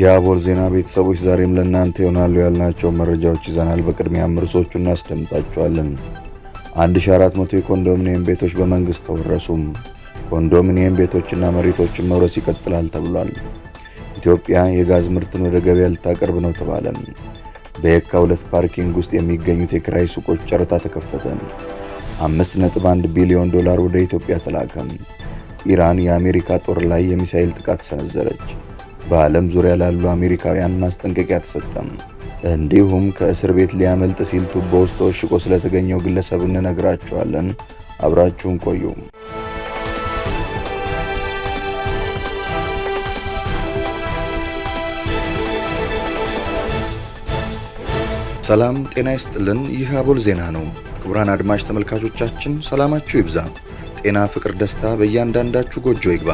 የአቦል ዜና ቤተሰቦች ዛሬም ለእናንተ ይሆናሉ ያልናቸው መረጃዎች ይዘናል። በቅድሚያ ምርሶቹ እናስደምጣቸዋለን። 1400 የኮንዶሚኒየም ቤቶች በመንግሥት ተወረሱም። ኮንዶሚኒየም ቤቶችና መሬቶችን መውረስ ይቀጥላል ተብሏል። ኢትዮጵያ የጋዝ ምርትን ወደ ገበያ ልታቀርብ ነው ተባለም። በየካ ሁለት ፓርኪንግ ውስጥ የሚገኙት የክራይ ሱቆች ጨረታ ተከፈተ። 5.1 ቢሊዮን ዶላር ወደ ኢትዮጵያ ተላከም። ኢራን የአሜሪካ ጦር ላይ የሚሳኤል ጥቃት ሰነዘረች። በዓለም ዙሪያ ላሉ አሜሪካውያን ማስጠንቀቂያ ተሰጠም። እንዲሁም ከእስር ቤት ሊያመልጥ ሲል ቱቦ ውስጥ ተወሽቆ ስለተገኘው ግለሰብ እንነግራችኋለን። አብራችሁን ቆዩ። ሰላም ጤና ይስጥልን። ይህ አቦል ዜና ነው። ክቡራን አድማጭ ተመልካቾቻችን ሰላማችሁ ይብዛ፣ ጤና፣ ፍቅር፣ ደስታ በእያንዳንዳችሁ ጎጆ ይግባ።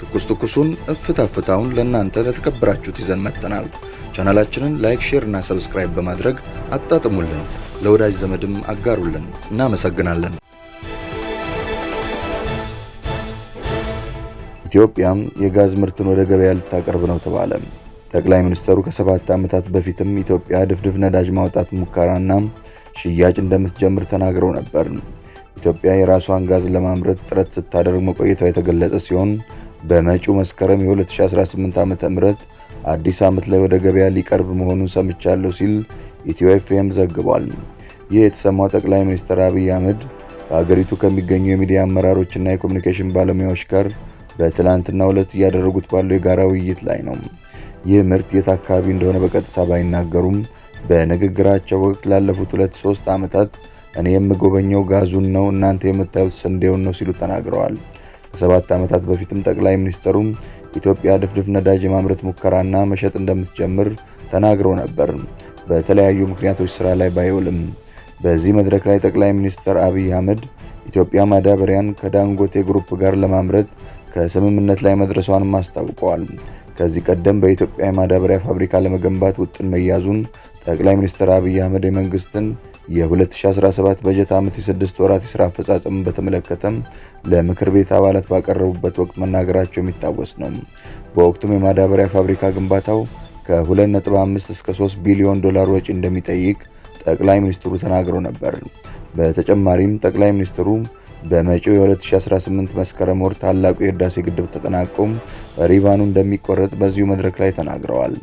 ትኩስ ትኩሱን እፍታ ፍታውን ለእናንተ ለተከበራችሁት ይዘን መጥተናል። ቻናላችንን ላይክ፣ ሼር እና ሰብስክራይብ በማድረግ አጣጥሙልን፣ ለወዳጅ ዘመድም አጋሩልን። እናመሰግናለን። ኢትዮጵያም የጋዝ ምርትን ወደ ገበያ ልታቀርብ ነው ተባለ። ጠቅላይ ሚኒስትሩ ከሰባት ዓመታት በፊትም ኢትዮጵያ ድፍድፍ ነዳጅ ማውጣት ሙከራና ሽያጭ እንደምትጀምር ተናግረው ነበር። ኢትዮጵያ የራሷን ጋዝ ለማምረት ጥረት ስታደርግ መቆየቷ የተገለጸ ሲሆን በመጪው መስከረም የ2018 ዓ ም አዲስ ዓመት ላይ ወደ ገበያ ሊቀርብ መሆኑን ሰምቻለሁ ሲል ኢትዮ ኤፍኤም ዘግቧል። ይህ የተሰማው ጠቅላይ ሚኒስትር አብይ አህመድ በሀገሪቱ ከሚገኙ የሚዲያ አመራሮችና የኮሚኒኬሽን ባለሙያዎች ጋር በትላንትናው ዕለት እያደረጉት ባለው የጋራ ውይይት ላይ ነው። ይህ ምርት የት አካባቢ እንደሆነ በቀጥታ ባይናገሩም በንግግራቸው ወቅት ላለፉት ሁለት ሶስት ዓመታት እኔ የምጎበኘው ጋዙን ነው፣ እናንተ የምታዩት ስንዴውን ነው ሲሉ ተናግረዋል። ከሰባት ዓመታት በፊትም ጠቅላይ ሚኒስትሩም ኢትዮጵያ ድፍድፍ ነዳጅ የማምረት ሙከራና መሸጥ እንደምትጀምር ተናግሮ ነበር፣ በተለያዩ ምክንያቶች ስራ ላይ ባይውልም። በዚህ መድረክ ላይ ጠቅላይ ሚኒስትር አብይ አህመድ ኢትዮጵያ ማዳበሪያን ከዳንጎቴ ግሩፕ ጋር ለማምረት ከስምምነት ላይ መድረሷንም አስታውቀዋል። ከዚህ ቀደም በኢትዮጵያ የማዳበሪያ ፋብሪካ ለመገንባት ውጥን መያዙን ጠቅላይ ሚኒስትር አብይ አህመድ የመንግስትን የ2017 በጀት ዓመት የስድስት ወራት የስራ አፈጻጸምን በተመለከተም ለምክር ቤት አባላት ባቀረቡበት ወቅት መናገራቸው የሚታወስ ነው። በወቅቱም የማዳበሪያ ፋብሪካ ግንባታው ከ2.5 እስከ 3 ቢሊዮን ዶላር ወጪ እንደሚጠይቅ ጠቅላይ ሚኒስትሩ ተናግረው ነበር። በተጨማሪም ጠቅላይ ሚኒስትሩ በመጪው የ2018 መስከረም ወር ታላቁ የህዳሴ ግድብ ተጠናቆም ሪቫኑ እንደሚቆረጥ በዚሁ መድረክ ላይ ተናግረዋል።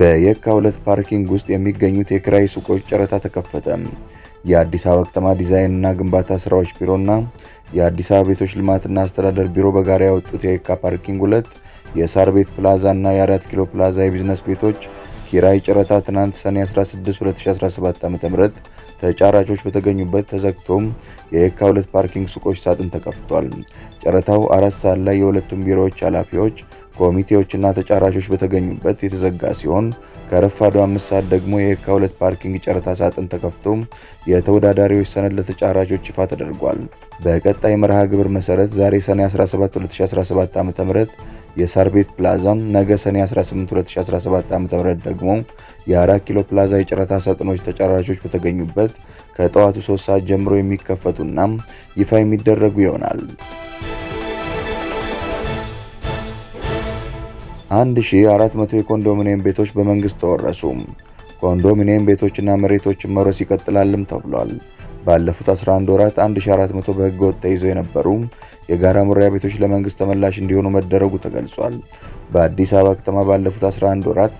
በየካ ሁለት ፓርኪንግ ውስጥ የሚገኙት የክራይ ሱቆች ጨረታ ተከፈተ። የአዲስ አበባ ከተማ ዲዛይንና ግንባታ ስራዎች ቢሮና የአዲስ አበባ ቤቶች ልማትና አስተዳደር ቢሮ በጋራ ያወጡት የየካ ፓርኪንግ ሁለት የሳር ቤት ፕላዛና የአራት ኪሎ ፕላዛ የቢዝነስ ቤቶች ኪራይ ጨረታ ትናንት ሰኔ 16 2017 ዓ.ም ተጫራቾች በተገኙበት ተዘግቶም የየካ ሁለት ፓርኪንግ ሱቆች ሳጥን ተከፍቷል። ጨረታው አራት ሰዓት ላይ የሁለቱም ቢሮዎች ኃላፊዎች ኮሚቴዎችና ተጫራቾች በተገኙበት የተዘጋ ሲሆን ከረፋዱ አምስት ሰዓት ደግሞ የካ ሁለት ፓርኪንግ ጨረታ ሳጥን ተከፍቶ የተወዳዳሪዎች ሰነድ ለተጫራቾች ይፋ ተደርጓል። በቀጣይ መርሃ ግብር መሰረት ዛሬ ሰኔ 17 2017 ዓ.ም የሳር ቤት ፕላዛ፣ ነገ ሰኔ 18 2017 ዓ.ም ደግሞ የአራ ኪሎ ፕላዛ የጨረታ ሳጥኖች ተጫራቾች በተገኙበት ከጠዋቱ 3 ሰዓት ጀምሮ የሚከፈቱና ይፋ የሚደረጉ ይሆናል። 1400 የኮንዶሚኒየም ቤቶች በመንግስት ተወረሱ። ኮንዶሚኒየም ቤቶችና መሬቶችን መውረስ ይቀጥላልም ተብሏል። ባለፉት 11 ወራት 1400 በህገ ወጥ ተይዘው የነበሩ የጋራ መኖሪያ ቤቶች ለመንግስት ተመላሽ እንዲሆኑ መደረጉ ተገልጿል። በአዲስ አበባ ከተማ ባለፉት 11 ወራት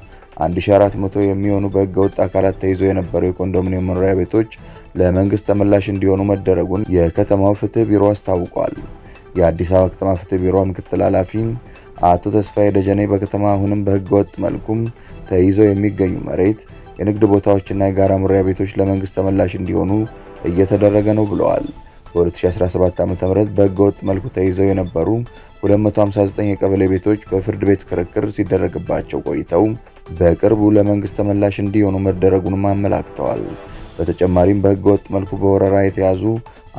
1400 የሚሆኑ በህገ ወጥ አካላት ተይዘው የነበሩ የኮንዶሚኒየም መኖሪያ ቤቶች ለመንግስት ተመላሽ እንዲሆኑ መደረጉን የከተማው ፍትህ ቢሮ አስታውቋል። የአዲስ አበባ ከተማ ፍትህ ቢሮ ምክትል ኃላፊ አቶ ተስፋዬ ደጀኔ በከተማ አሁንም በህገወጥ መልኩም ተይዘው የሚገኙ መሬት፣ የንግድ ቦታዎችና የጋራ መኖሪያ ቤቶች ለመንግስት ተመላሽ እንዲሆኑ እየተደረገ ነው ብለዋል። በ2017 ዓ ም በህገወጥ መልኩ ተይዘው የነበሩ 259 የቀበሌ ቤቶች በፍርድ ቤት ክርክር ሲደረግባቸው ቆይተው በቅርቡ ለመንግስት ተመላሽ እንዲሆኑ መደረጉንም አመላክተዋል። በተጨማሪም በህገወጥ መልኩ በወረራ የተያዙ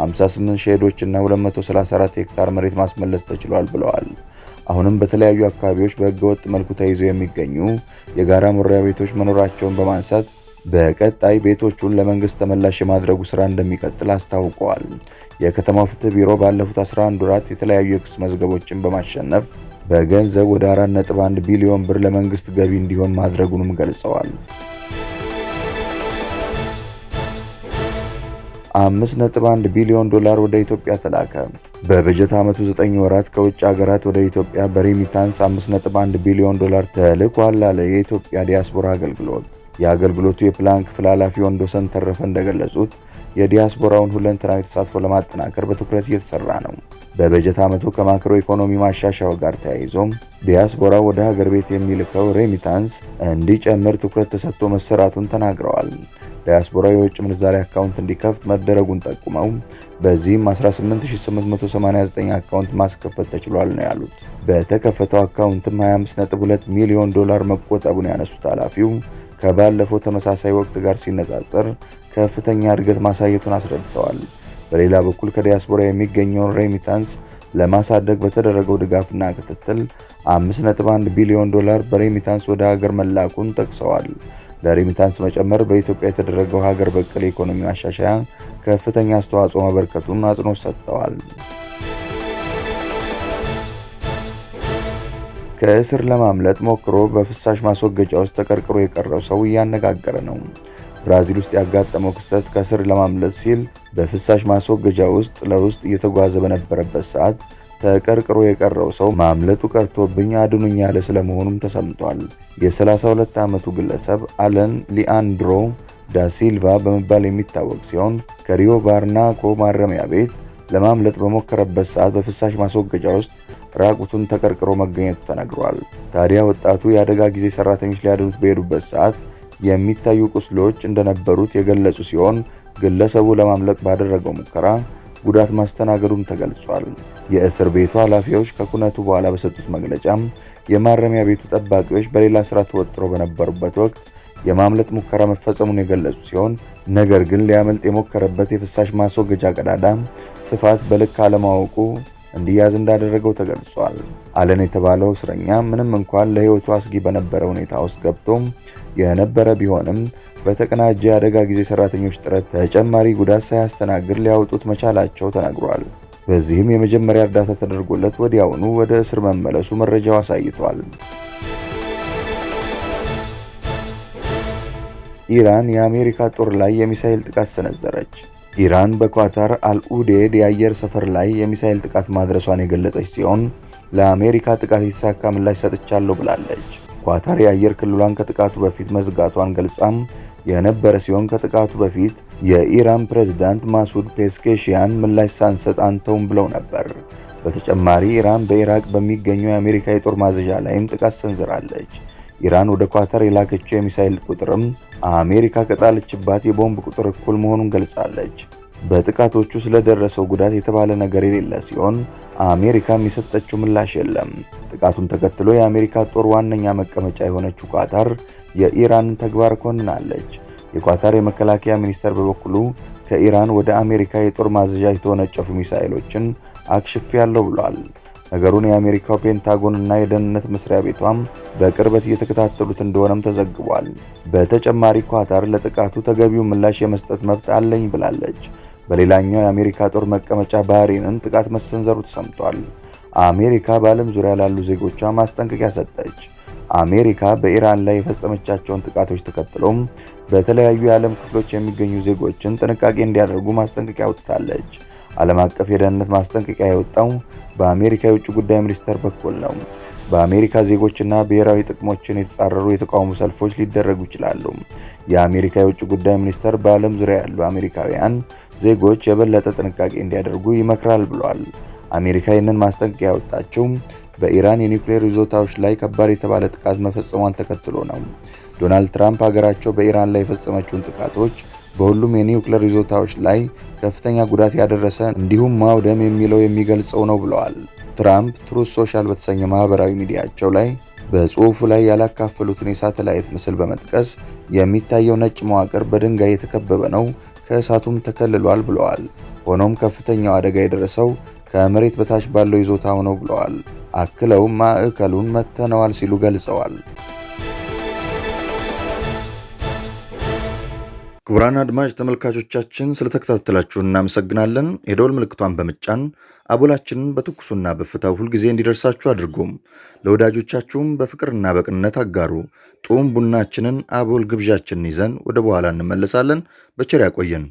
58 ሼዶችና 234 ሄክታር መሬት ማስመለስ ተችሏል ብለዋል። አሁንም በተለያዩ አካባቢዎች በህገወጥ መልኩ ተይዘው የሚገኙ የጋራ መኖሪያ ቤቶች መኖራቸውን በማንሳት በቀጣይ ቤቶቹን ለመንግስት ተመላሽ የማድረጉ ስራ እንደሚቀጥል አስታውቀዋል። የከተማው ፍትህ ቢሮ ባለፉት 11 ወራት የተለያዩ የክስ መዝገቦችን በማሸነፍ በገንዘብ ወደ 4.1 ቢሊዮን ብር ለመንግስት ገቢ እንዲሆን ማድረጉንም ገልጸዋል። 5.1 ቢሊዮን ዶላር ወደ ኢትዮጵያ ተላከ። በበጀት ዓመቱ 9 ወራት ከውጭ ሀገራት ወደ ኢትዮጵያ በሬሚታንስ 5.1 ቢሊዮን ዶላር ተልኳል አለ የኢትዮጵያ ዲያስፖራ አገልግሎት። የአገልግሎቱ የፕላን ክፍል ኃላፊ ወንዶሰን ተረፈ እንደገለጹት የዲያስፖራውን ሁለንተናዊ ተሳትፎ ለማጠናከር በትኩረት እየተሰራ ነው። በበጀት ዓመቱ ከማክሮ ኢኮኖሚ ማሻሻያው ጋር ተያይዞም ዲያስፖራ ወደ ሀገር ቤት የሚልከው ሬሚታንስ እንዲጨምር ትኩረት ተሰጥቶ መሰራቱን ተናግረዋል። ዳያስፖራ የውጭ ምንዛሪ አካውንት እንዲከፍት መደረጉን ጠቁመው በዚህም 18889 አካውንት ማስከፈት ተችሏል ነው ያሉት። በተከፈተው አካውንትም 252 ሚሊዮን ዶላር መቆጠቡን ያነሱት ኃላፊው ከባለፈው ተመሳሳይ ወቅት ጋር ሲነጻጸር ከፍተኛ እድገት ማሳየቱን አስረድተዋል። በሌላ በኩል ከዲያስፖራ የሚገኘውን ሬሚታንስ ለማሳደግ በተደረገው ድጋፍና ክትትል 5.1 ቢሊዮን ዶላር በሬሚታንስ ወደ ሀገር መላኩን ጠቅሰዋል። ለሬሚታንስ መጨመር በኢትዮጵያ የተደረገው ሀገር በቀል የኢኮኖሚ ማሻሻያ ከፍተኛ አስተዋጽኦ ማበርከቱን አጽንኦት ሰጥተዋል። ከእስር ለማምለጥ ሞክሮ በፍሳሽ ማስወገጃ ውስጥ ተቀርቅሮ የቀረው ሰው እያነጋገረ ነው። ብራዚል ውስጥ ያጋጠመው ክስተት ከእስር ለማምለጥ ሲል በፍሳሽ ማስወገጃ ውስጥ ለውስጥ እየተጓዘ በነበረበት ሰዓት ተቀርቅሮ የቀረው ሰው ማምለጡ ቀርቶብኝ አድኑኝ ያለ ስለመሆኑም ተሰምቷል። የ32 ዓመቱ ግለሰብ አለን ሊአንድሮ ዳሲልቫ በመባል የሚታወቅ ሲሆን ከሪዮ ባርናኮ ማረሚያ ቤት ለማምለጥ በሞከረበት ሰዓት በፍሳሽ ማስወገጃ ውስጥ ራቁቱን ተቀርቅሮ መገኘቱ ተነግሯል። ታዲያ ወጣቱ የአደጋ ጊዜ ሰራተኞች ሊያድኑት በሄዱበት ሰዓት የሚታዩ ቁስሎች እንደነበሩት የገለጹ ሲሆን ግለሰቡ ለማምለጥ ባደረገው ሙከራ ጉዳት ማስተናገዱም ተገልጿል። የእስር ቤቱ ኃላፊዎች ከኩነቱ በኋላ በሰጡት መግለጫም የማረሚያ ቤቱ ጠባቂዎች በሌላ ስራ ተወጥረው በነበሩበት ወቅት የማምለጥ ሙከራ መፈጸሙን የገለጹ ሲሆን ነገር ግን ሊያመልጥ የሞከረበት የፍሳሽ ማስወገጃ ቀዳዳ ስፋት በልክ አለማወቁ እንዲያዝ እንዳደረገው ተገልጿል። አለን የተባለው እስረኛ ምንም እንኳን ለህይወቱ አስጊ በነበረ ሁኔታ ውስጥ ገብቶም የነበረ ቢሆንም በተቀናጀ የአደጋ ጊዜ ሰራተኞች ጥረት ተጨማሪ ጉዳት ሳያስተናግድ ሊያወጡት መቻላቸው ተነግሯል። በዚህም የመጀመሪያ እርዳታ ተደርጎለት ወዲያውኑ ወደ እስር መመለሱ መረጃው አሳይቷል። ኢራን የአሜሪካ ጦር ላይ የሚሳኤል ጥቃት ሰነዘረች። ኢራን በኳታር አልኡዴድ የአየር ሰፈር ላይ የሚሳኤል ጥቃት ማድረሷን የገለጸች ሲሆን ለአሜሪካ ጥቃት የተሳካ ምላሽ ሰጥቻለሁ ብላለች። ኳታር የአየር ክልሏን ከጥቃቱ በፊት መዝጋቷን ገልጻም የነበረ ሲሆን ከጥቃቱ በፊት የኢራን ፕሬዝዳንት ማሱድ ፔስኬሽያን ምላሽ ሳንሰጥ አንተውም ብለው ነበር። በተጨማሪ ኢራን በኢራቅ በሚገኘው የአሜሪካ የጦር ማዘዣ ላይም ጥቃት ሰንዝራለች። ኢራን ወደ ኳታር የላከችው የሚሳይል ቁጥርም አሜሪካ ከጣለችባት የቦምብ ቁጥር እኩል መሆኑን ገልጻለች። በጥቃቶቹ ስለደረሰው ጉዳት የተባለ ነገር የሌለ ሲሆን አሜሪካም የሰጠችው ምላሽ የለም። ጥቃቱን ተከትሎ የአሜሪካ ጦር ዋነኛ መቀመጫ የሆነችው ኳታር የኢራን ተግባር ኮንናለች። የኳታር የመከላከያ ሚኒስቴር በበኩሉ ከኢራን ወደ አሜሪካ የጦር ማዘዣ የተወነጨፉ ሚሳኤሎችን አክሽፍ ያለው ብሏል። ነገሩን የአሜሪካው ፔንታጎን እና የደህንነት መስሪያ ቤቷም በቅርበት እየተከታተሉት እንደሆነም ተዘግቧል። በተጨማሪ ኳታር ለጥቃቱ ተገቢው ምላሽ የመስጠት መብት አለኝ ብላለች። በሌላኛው የአሜሪካ ጦር መቀመጫ ባህሬንን ጥቃት መሰንዘሩ ተሰምቷል። አሜሪካ በዓለም ዙሪያ ላሉ ዜጎቿ ማስጠንቀቂያ ሰጠች። አሜሪካ በኢራን ላይ የፈጸመቻቸውን ጥቃቶች ተከትሎም በተለያዩ የዓለም ክፍሎች የሚገኙ ዜጎችን ጥንቃቄ እንዲያደርጉ ማስጠንቀቂያ አውጥታለች። ዓለም አቀፍ የደህንነት ማስጠንቀቂያ የወጣው በአሜሪካ የውጭ ጉዳይ ሚኒስቴር በኩል ነው። በአሜሪካ ዜጎችና ብሔራዊ ጥቅሞችን የተጻረሩ የተቃውሞ ሰልፎች ሊደረጉ ይችላሉ። የአሜሪካ የውጭ ጉዳይ ሚኒስቴር በዓለም ዙሪያ ያሉ አሜሪካውያን ዜጎች የበለጠ ጥንቃቄ እንዲያደርጉ ይመክራል ብሏል። አሜሪካ ይህንን ማስጠንቀቂያ ያወጣችው በኢራን የኒውክሌር ይዞታዎች ላይ ከባድ የተባለ ጥቃት መፈጸሟን ተከትሎ ነው። ዶናልድ ትራምፕ ሀገራቸው በኢራን ላይ የፈጸመችውን ጥቃቶች በሁሉም የኒውክሌር ይዞታዎች ላይ ከፍተኛ ጉዳት ያደረሰ እንዲሁም ማውደም የሚለው የሚገልጸው ነው ብለዋል። ትራምፕ ትሩስ ሶሻል በተሰኘ ማህበራዊ ሚዲያቸው ላይ በጽሁፉ ላይ ያላካፈሉትን የሳተላይት ምስል በመጥቀስ የሚታየው ነጭ መዋቅር በድንጋይ የተከበበ ነው፣ ከእሳቱም ተከልሏል ብለዋል። ሆኖም ከፍተኛው አደጋ የደረሰው ከመሬት በታች ባለው ይዞታው ነው ብለዋል። አክለውም ማዕከሉን መተነዋል ሲሉ ገልጸዋል። ክቡራን አድማጭ ተመልካቾቻችን ስለተከታተላችሁ እናመሰግናለን። የደወል ምልክቷን በመጫን አቦላችንን በትኩሱና በእፍታው ሁልጊዜ እንዲደርሳችሁ አድርጎም ለወዳጆቻችሁም በፍቅርና በቅንነት አጋሩ። ጡም ቡናችንን አቦል ግብዣችንን ይዘን ወደ በኋላ እንመለሳለን። በቸር ያቆየን።